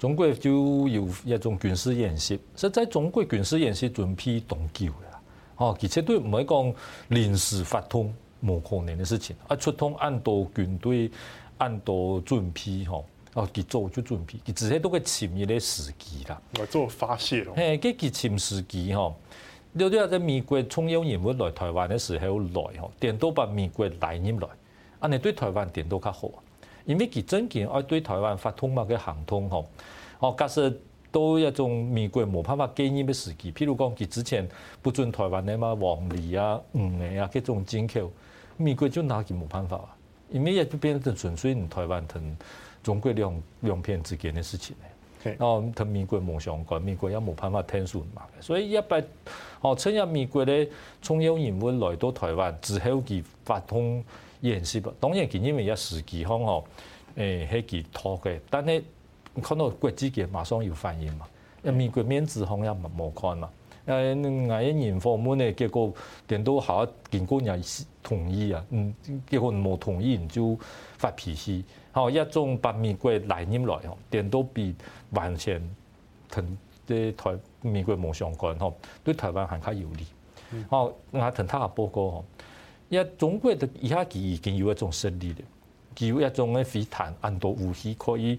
中國就有一種軍事演習，實際中國軍事演習準備動久啦，哦，其實都唔係講臨時發通無可能嘅事情，啊，出通按道軍隊，按道準備吼，哦，佢做就準備，佢只係都嘅潛在時機啦。我做了發洩、哦。誒，佢嘅潛時機吼，有啲阿只美國中央人物來台灣嘅時候來哦，顛倒把美國來入來啊，你對台灣顛倒較好，因為其真正愛對台灣發通啊嘅行通，吼。哦，假設到一種美國無辦法跟呢啲時期，譬如講佢之前不准台灣咧嘛，黃梨啊、紅、嗯、梨啊嗰種進口，美國就拿佢冇辦法啊，因為亦就變成純粹你台灣同中國兩兩片之間的事情咧。哦、okay.，同美國無相干，個美國也冇辦法聽順嘛。所以一不，哦，趁入美國咧，中央人物來到台灣之後，佢發通演習，當然佢因為有時期方哦，誒、欸，迄期拖嘅，但係。看到骨子嘅，馬上有反應嘛？一美國面子可也冇看嘛？誒，捱一年訪問咧，結果點都好，見過人同意啊，嗯，結果冇同意就發脾氣哦，一種把美國嚟稔來，點都變完全同啲台美國冇相關，嗬，對台灣還較有利。哦，我聽他啊報告，一種國度而家已經有一種實力咧，佢有一種嘅飛彈，按多武器可以。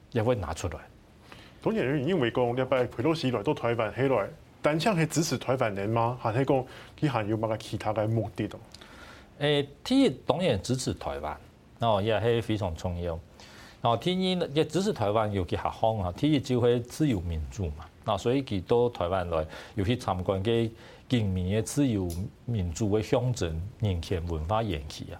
也會拿出來，當員因為講要擺裴洛西都到台灣嚟，單槍係支持台灣人嗎？是說有還是講佢含有某個其他的目的？誒、欸，體育當然支持台灣，哦，也係非常重要。然後天意也支持台灣，尤其下方啊，體育就會自由民主嘛，嗱，所以佢到台灣來，要去參觀啲精明嘅自由民主嘅鄉鎮、人權、文化演、言詞啊。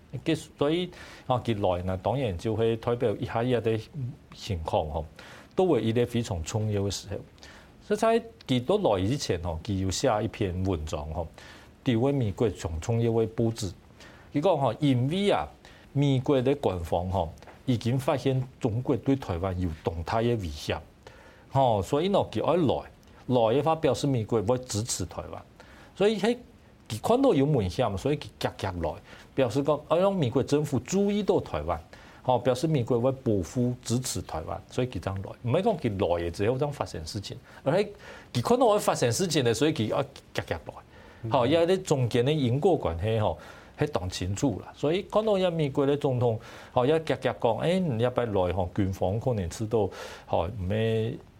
所以，哦，傑來嗱，當然就會代表以下的情況都會啲非常重要嘅事。所以在傑多來之前嗬，佢又寫一篇文章嗬，調為美國從重要嘅佈置。佢講嗬，因為啊，美國啲官方嗬已經發現中國對台灣有動態嘅威脅，哦，所以其我傑愛來來嘅話，表示美國會支持台灣，所以喺。其他看到有危險，所以他急急來，表示講，要讓美國政府注意到台灣，吼，表示美國會保護支持台灣，所以他這樣來，唔係講他來嘅，只有當發生事情，而且他看到會發生事情咧，所以他、mm. 啊急急來，好，要為中間的因果關係吼，係當清楚啦，所以看到要美國的總統，好，要急急講，哎，要不來，吼，軍方可能知道，好，唔咩。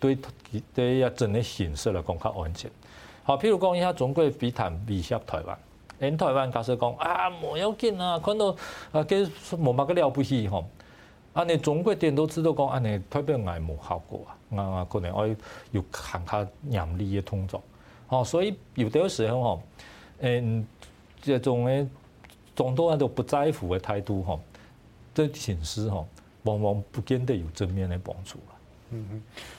對對對啊，整個形勢來講較安全，好，譬如講一下中國比談威脅台灣，啊啊。誒台灣假使講啊無要緊啊，看到啊佢無嘛，嘅了不起吼，啊，啊你中國點都知道講，安尼特別嚟無效果啊，啊可能會有行下嚴厲的動作，哦，所以有的時候吼，誒這種誒眾多人都不在乎的態度吼，對形勢吼，啊，往往不見得有正面的幫助啦，啊，嗯嗯。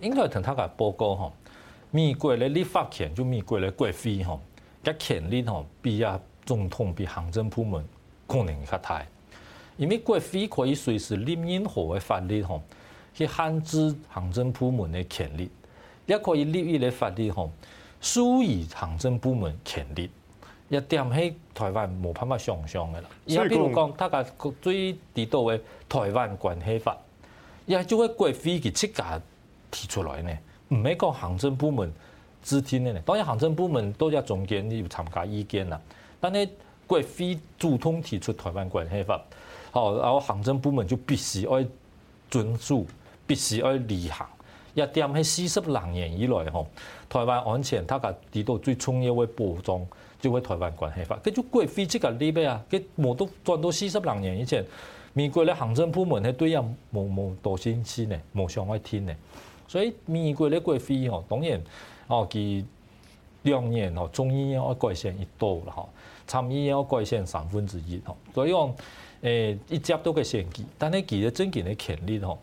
應該同他個報告嚇，美國咧立法權，就美國咧國會嚇，個權力吼比啊總統比行政部門可能較大，因為國會可以隨時立任何嘅法律嚇，去限制行政部門嘅權力，也可以立依啲法律嚇，疏離行政部門權力，一掂喺台灣冇辦法想象噶啦。比如講，他個最地道嘅台灣關係法，也就做國會嘅質感。提出來呢，唔係講行政部門制定的呢，當然行政部門都要中間有參加意見啦。但你國會主動提出台灣關係法，吼、哦，然後行政部門就必須愛遵守，必須愛履行。一掂起四十零年以來吼，台灣安全他個幾多最重要個保障，就喺台灣關係法。跟住國會即個力唄啊，佢無都轉到四十零年以前，美國咧行政部門喺對啊，無無多新鮮呢，無想愛聽呢。所以美國嘅國會吼，當然哦佢兩年哦，眾議院要改選一多啦吼，參議院要改選三分之一吼，所、哦就是欸、以講誒一直都嘅線，但係其實真嘅咧潛力吼、哦，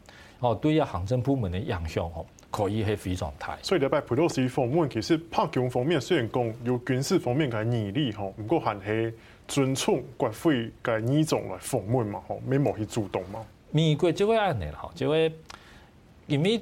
哦對於行政部門嘅影響吼、哦，可以係非常大。所以你睇裴洛西訪問其實拍球方面雖然講有軍事方面嘅議力吼，唔過係尊重國會嘅呢種嚟訪問嘛，吼，咩冇去主動嘛。美國就會按你啦，就、這、會、個、因為。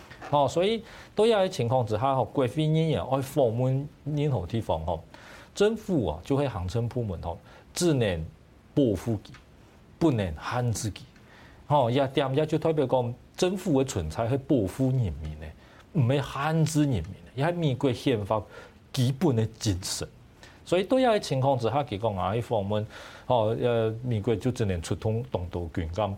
哦，所以都有一些情況之下，國會議員可以訪問任何地方。哦，政府啊，就喺行政部門，吼，只能保護，不能限制佢。哦，也點也就代表講政府的存在係保護人民嘅，唔係限制人民嘅，亦係美國憲法基本嘅精神。所以都有一些情況之下，佢講啊，嚟訪問，哦，誒，美國就只能出動動盞軍金。